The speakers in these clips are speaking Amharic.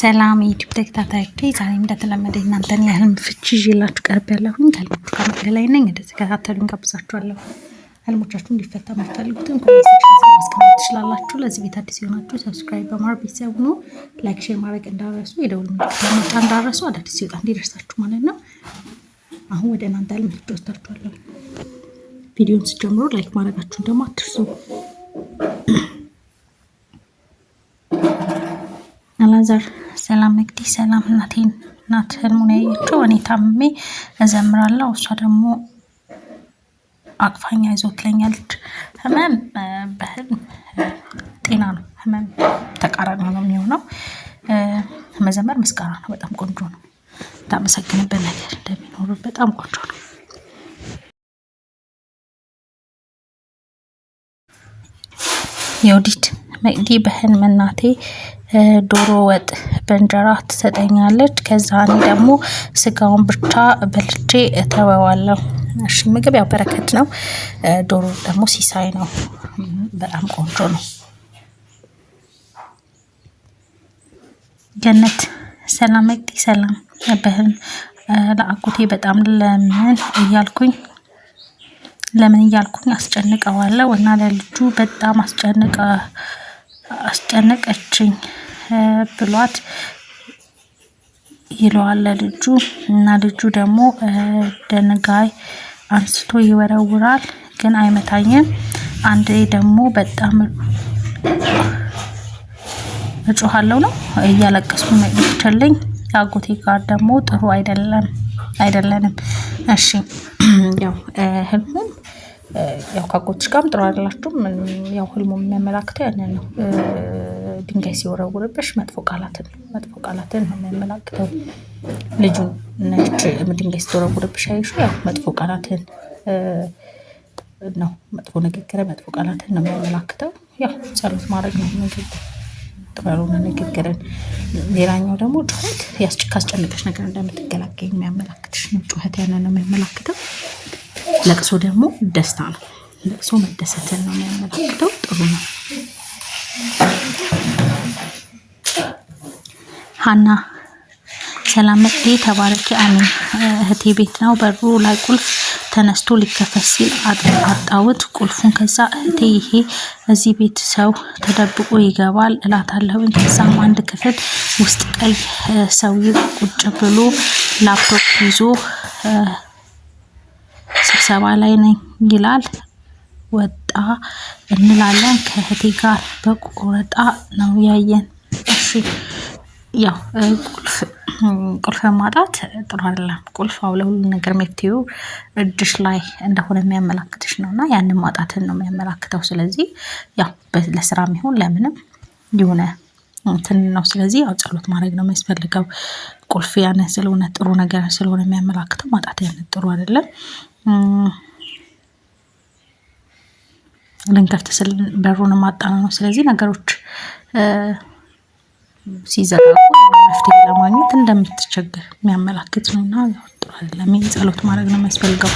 ሰላም የዩቲዩብ ተከታታዮቼ ዛሬ እንደተለመደ እናንተን የህልም ፍቺ ይዤላችሁ ቀርብ ያለሁኝ ከህልሞቹ ከመክለ ላይ ነኝ። እንደተከታተሉኝ ጋብዛችኋለሁ። ህልሞቻችሁ እንዲፈታ የምትፈልጉትን ማስቀመጥ ትችላላችሁ። ለዚህ ቤት አዲስ የሆናችሁ ሰብስክራይብ በማድረግ ቤተሰብ ሁኑ። ላይክ፣ ሼር ማድረግ እንዳረሱ፣ የደውል መጫ እንዳረሱ፣ አዳዲስ ሲወጣ እንዲደርሳችሁ ማለት ነው። አሁን ወደ እናንተ ህልም ፍቺ ወስዳችኋለሁ። ቪዲዮን ስጀምሮ ላይክ ማድረጋችሁን ደግሞ አትርሱ። ዘር ሰላም እንግዲህ ሰላም እናቴን ናት ህልሙን ያየችው እኔ ታምሜ እዘምራለሁ እሷ ደግሞ አቅፋኛ ይዞ ትለኛለች። ህመም በህልም ጤና ነው። ህመም ተቃራኒ ነው የሚሆነው። መዘመር ምስጋና ነው። በጣም ቆንጆ ነው። ታመሰግንበት ነገር እንደሚኖሩ በጣም ቆንጆ ነው። የወዲት መቅዲ በህልም እናቴ ዶሮ ወጥ በእንጀራ ትሰጠኛለች። ከዛ እኔ ደግሞ ስጋውን ብቻ በልቼ እተወዋለሁ። እሺ ምግብ ያው በረከት ነው። ዶሮ ደግሞ ሲሳይ ነው። በጣም ቆንጆ ነው። ገነት ሰላም መቅዲ ሰላም በህን ለአጎቴ በጣም ለምን እያልኩኝ ለምን እያልኩኝ አስጨንቀዋለሁ እና ለልጁ በጣም አስጨንቀ አስጨነቀችኝ። ብሏት ይለዋል ለልጁ እና ልጁ ደግሞ ደንጋይ አንስቶ ይወረውራል፣ ግን አይመታኝም። አንዴ ደግሞ በጣም እጮሃለሁ ነው እያለቀሱ መጥቻለኝ። አጎቴ ጋር ደግሞ ጥሩ አይደለም አይደለንም። እሺ ያው ህልሙም ያው ከአጎትሽ ጋርም ጥሩ አይደላችሁም። ያው ህልሙ የሚያመላክተው ያንን ነው። ድንጋይ ሲወረውርብሽ መጥፎ ቃላትን መጥፎ ቃላትን ነው የሚያመላክተው። ልጁ ነጭ ድንጋይ ስትወረውርብሽ አይሹ ያው መጥፎ ቃላትን ነው መጥፎ ንግግር መጥፎ ቃላትን ነው የሚያመላክተው። ያው ጸሎት ማድረግ ነው ንግግር ጥበሩን ንግግርን። ሌላኛው ደግሞ ጩኸት ካስጨነቀሽ ነገር እንደምትገላገኝ የሚያመላክትሽ ነው። ጩኸት ያንን ነው የሚያመላክተው። ለቅሶ ደግሞ ደስታ ነው። ለቅሶ መደሰትን ነው የሚያመላክተው። ጥሩ ነው። ሀና ሰላም መቅዲ ተባረኪ አሚን። እህቴ ቤት ነው። በሩ ላይ ቁልፍ ተነስቶ ሊከፈት ሲል አጣውት ቁልፉን። ከዛ እህቴ ይሄ እዚህ ቤት ሰው ተደብቆ ይገባል እላታለሁኝ። ከዛም አንድ ክፍል ውስጥ ቀይ ሰውዬ ቁጭ ብሎ ላፕቶፕ ይዞ ስብሰባ ላይ ነኝ ይላል። ወጣ እንላለን። ከእህቴ ጋር በቆረጣ ነው ያየን። እሺ ያው ቁልፍ ቁልፍ ማጣት ጥሩ አይደለም። ቁልፍ አው ለሁሉ ነገር መፍትሄው እጅሽ ላይ እንደሆነ የሚያመላክትሽ ነው እና ያንን ማጣትን ነው የሚያመላክተው። ስለዚህ ያው ለስራ ይሁን ለምንም የሆነ እንትን ነው። ስለዚህ ያው ጸሎት ማድረግ ነው የሚያስፈልገው። ቁልፍ ያነ ስለሆነ ጥሩ ነገር ስለሆነ የሚያመላክተው ማጣት ያንን ጥሩ አይደለም። ልንከፍት ስል በሩን ማጣ ነው። ስለዚህ ነገሮች ሲዘጋጉ መፍትሄ ለማግኘት እንደምትቸገር የሚያመላክት ነው እና ጥሩ ለሚን ጸሎት ማድረግ ነው የሚያስፈልገው።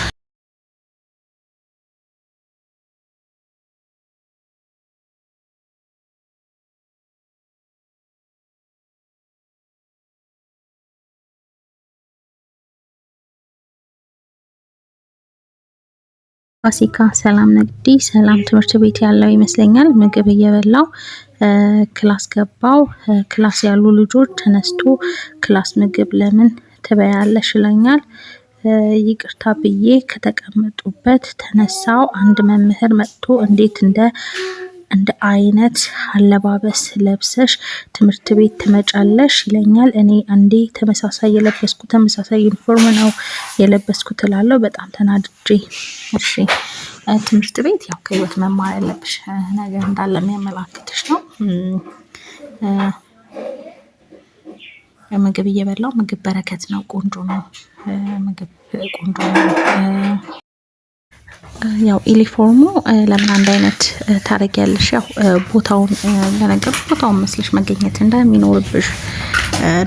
ፋሲካ ሰላም ነግዲ ሰላም ትምህርት ቤት ያለው ይመስለኛል ምግብ እየበላው ክላስ ገባው ክላስ ያሉ ልጆች ተነስቶ ክላስ ምግብ ለምን ትበያለሽ ይለኛል። ይቅርታ ብዬ ከተቀመጡበት ተነሳው አንድ መምህር መጥቶ እንዴት እንደ እንደ አይነት አለባበስ ለብሰሽ ትምህርት ቤት ትመጫለሽ ይለኛል። እኔ አንዴ ተመሳሳይ የለበስኩ ተመሳሳይ ዩኒፎርም ነው የለበስኩት እላለሁ በጣም ተናድጄ እሺ ትምህርት ቤት ያው ከህይወት መማር ያለብሽ ነገር እንዳለ የሚያመላክትሽ ነው። ምግብ እየበላው ምግብ በረከት ነው፣ ቆንጆ ነው። ምግብ ቆንጆ ነው። ያው ኢሊፎርሙ ለምን አንድ አይነት ታደርጊያለሽ? ያው ቦታውን ለነገሩ ቦታውን መስለሽ መገኘት እንደሚኖርብሽ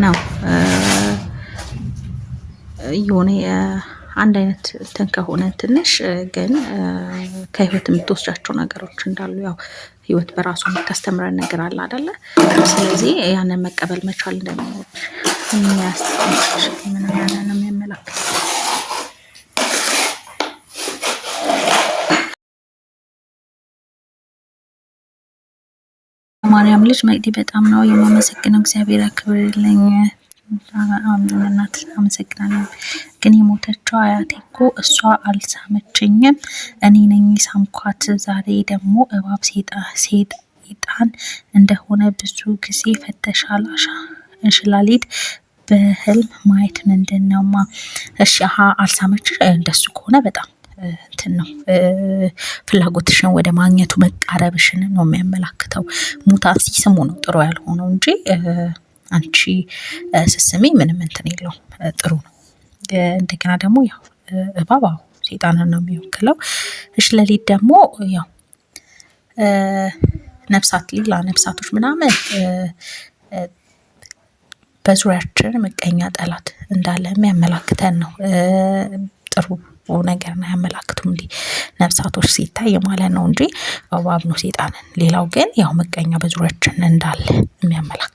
ነው የሆነ አንድ አይነት እንትን ከሆነ ትንሽ ግን ከህይወት የምትወስዳቸው ነገሮች እንዳሉ ያው ህይወት በራሱ የምታስተምረን ነገር አለ አደለ? ስለዚህ ያንን መቀበል መቻል እንደሚኖች ማርያም ልጅ መቅዲ በጣም ነው የማመሰግነው። እግዚአብሔር አክብርልኝ። አሜን እናት አመሰግናለሁ። ግን የሞተችው አያቴ እኮ እሷ አልሳመችኝም፣ እኔ ነኝ ሳምኳት። ዛሬ ደግሞ እባብ ሰይጣን እንደሆነ ብዙ ጊዜ ፈተሻል። እንሽላሊት በህልም ማየት ምንድን ነውማ? እሺ ሀ አልሳመች። እንደሱ ከሆነ በጣም እንትን ነው ፍላጎትሽን ወደ ማግኘቱ መቃረብሽን ነው የሚያመላክተው። ሙታን ሲስሙ ነው ጥሩ ያልሆነው እንጂ አንቺ ስስሜ ምንም እንትን የለው ጥሩ ነው። እንደገና ደግሞ ያው እባብ አዎ ሴጣንን ነው የሚወክለው። እሽ ለሊት ደግሞ ያው ነፍሳት ሌላ ነፍሳቶች ምናምን በዙሪያችን ምቀኛ ጠላት እንዳለ የሚያመላክተን ነው። ጥሩ ነገር ነው ያመላክቱም እንዲህ ነፍሳቶች ሲታይ ማለት ነው እንጂ እባብ ነው ሴጣንን። ሌላው ግን ያው ምቀኛ በዙሪያችን እንዳለ የሚያመላክ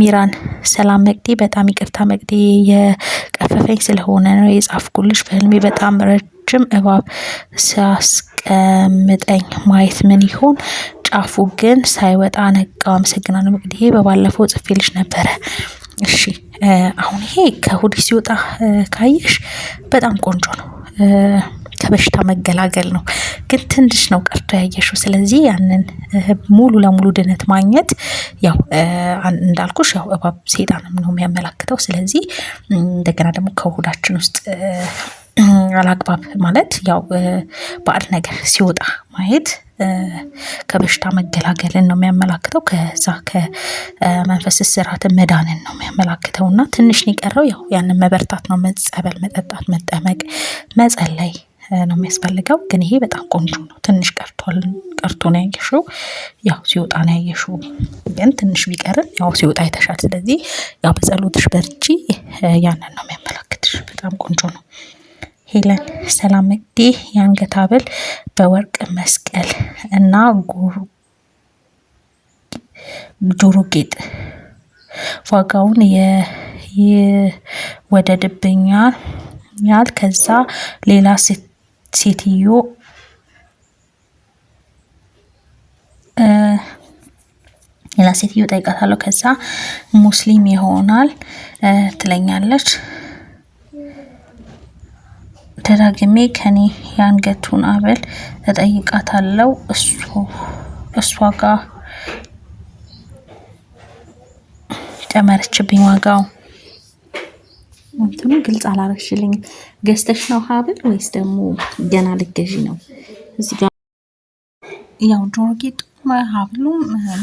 ሚራን ሰላም መቅዲ፣ በጣም ይቅርታ መቅዲ፣ የቀፈፈኝ ስለሆነ ነው የጻፍኩልሽ። በህልሜ በጣም ረጅም እባብ ሲያስቀምጠኝ ማየት ምን ይሆን? ጫፉ ግን ሳይወጣ ነቃው። አመሰግናለሁ መቅዲ። በባለፈው ጽፌልሽ ነበረ። እሺ አሁን ይሄ ከሆድሽ ሲወጣ ካየሽ በጣም ቆንጆ ነው። ከበሽታ መገላገል ነው። ግን ትንሽ ነው ቀርቶ ያየሽው። ስለዚህ ያንን ሙሉ ለሙሉ ድነት ማግኘት ያው እንዳልኩሽ ያው እባብ ሴጣንም ነው የሚያመላክተው። ስለዚህ እንደገና ደግሞ ከሆዳችን ውስጥ አላግባብ ማለት ያው ባዕድ ነገር ሲወጣ ማየት ከበሽታ መገላገልን ነው የሚያመላክተው። ከዛ ከመንፈስ ስራትን መዳንን ነው የሚያመላክተው እና ትንሽ ነው የቀረው። ያው ያንን መበርታት ነው መጸበል፣ መጠጣት፣ መጠመቅ፣ መጸለይ ነው የሚያስፈልገው። ግን ይሄ በጣም ቆንጆ ነው። ትንሽ ቀርቷል፣ ቀርቶ ነው ያየሽው። ያው ሲወጣ ነው ያየሽው። ግን ትንሽ ቢቀርን ያው ሲወጣ የተሻል ስለዚህ ያው በጸሎትሽ በርቺ። ያንን ነው የሚያመላክትሽ። በጣም ቆንጆ ነው። ሄለን ሰላም መቅዲ የአንገት ሀብል በወርቅ መስቀል እና ጆሮ ጌጥ ዋጋውን ወደ ያል ከዛ ሌላ ሴት ሴትዮ ሌላ ሴትዮ ጠይቃታለሁ። ከዛ ሙስሊም ይሆናል ትለኛለች። ደጋግሜ ከኔ የአንገቱን አበል እጠይቃታለሁ። እሷ ጋር ጨመረችብኝ ዋጋው እንትኑ ግልጽ አላረግሽልኝም። ገዝተሽ ነው ሀብል ወይስ ደግሞ ገና ልገዢ ነው? እዚህ ጋር ያው ጆሮ ጌጡ ሀብሉ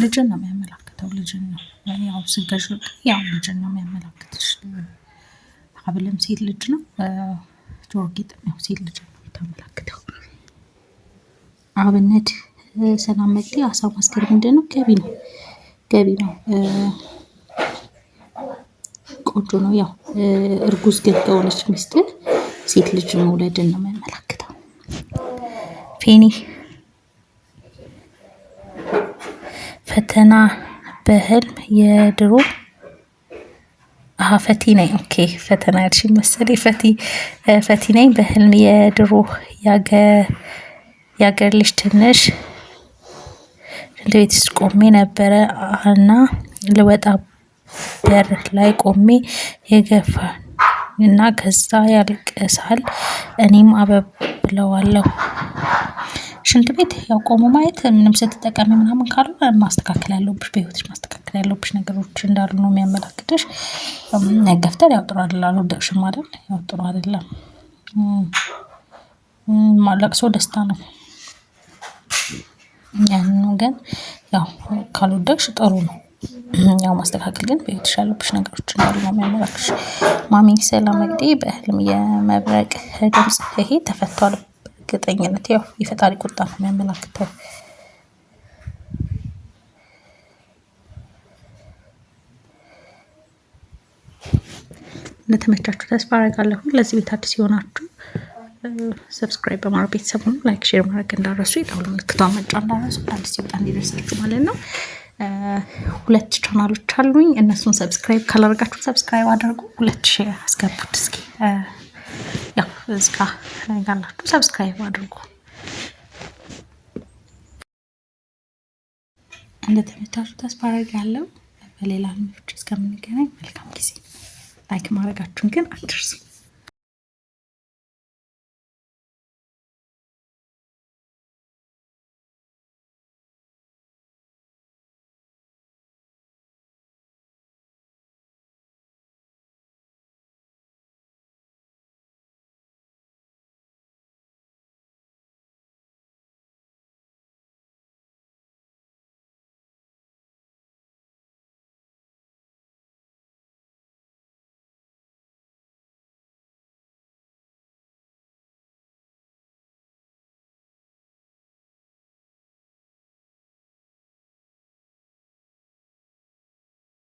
ልጅን ነው የሚያመላክተው። ልጅን ነው ያው ስገዥ ያው ልጅን ነው የሚያመላክትሽ። ሀብልም ሴት ልጅ ነው፣ ጆሮ ጌጥም ያው ሴት ልጅ ነው የምታመላክተው። አብነት ሰላም መጤ አሳብ ማስገር ምንድን ነው? ገቢ ነው ገቢ ነው ቆንጆ ነው። ያው እርጉዝ ግን ከሆነች ሚስትህ ሴት ልጅ መውለድን ነው የሚያመላክተው። ፌኒ ፈተና በህልም የድሮ ፈቲ ነኝ። ኦኬ ፈተና ያልሽ መሰለኝ። ፈቲ ፈቲ ነኝ በህልም የድሮ የአገር ልጅ ትንሽ ቤት ውስጥ ቆሜ ነበረ እና ልወጣ በር ላይ ቆሜ የገፋ እና ከዛ ያለቅሳል። እኔም አበብ ብለዋለሁ። ሽንት ቤት ያው ቆሞ ማየት ምንም ስትጠቀሚ ምናምን ካሉ ማስተካከል ያለብሽ በህይወትሽ ማስተካከል ያለብሽ ነገሮች እንዳሉ ነው የሚያመላክትሽ። ገፍተር ያው ጥሩ አይደለም አልወደቅሽም አይደል ያው ጥሩ አይደለም። ለቅሶ ደስታ ነው። ያንኑ ግን ያው ካልወደቅሽ ጥሩ ነው ያው ማስተካከል ግን በህይወትሽ ያለብሽ ነገሮች እንዳሉ ነው የሚያመላክሽ። ማሚ ሰላም እንግዲህ በህልም የመብረቅ ድምፅ ይሄ ተፈቷል። እርግጠኝነት ያው የፈጣሪ ቁጣ ነው የሚያመላክተው። እንደተመቻችሁ ተስፋ አደርጋለሁ። ለዚህ ቤት አዲስ የሆናችሁ ሰብስክራይብ በማድረግ ቤተሰቡን ላይክ፣ ሼር ማድረግ እንዳረሱ የደወል ምልክቷን መጫን እንዳረሱ አዲስ ሲወጣ እንዲደርሳችሁ ማለት ነው። ሁለት ቻናሎች አሉኝ። እነሱን ሰብስክራይብ ካላደረጋችሁ ሰብስክራይብ አድርጉ። ሁለት ሺ አስገቡት እስኪ ያው እዚጋ ያላችሁ ሰብስክራይብ አድርጉ። እንደተመቻችሁ ተስፋ አደርጋለሁ። በሌላ ልምዶች እስከምንገናኝ መልካም ጊዜ። ላይክ ማድረጋችሁን ግን አትርሱ።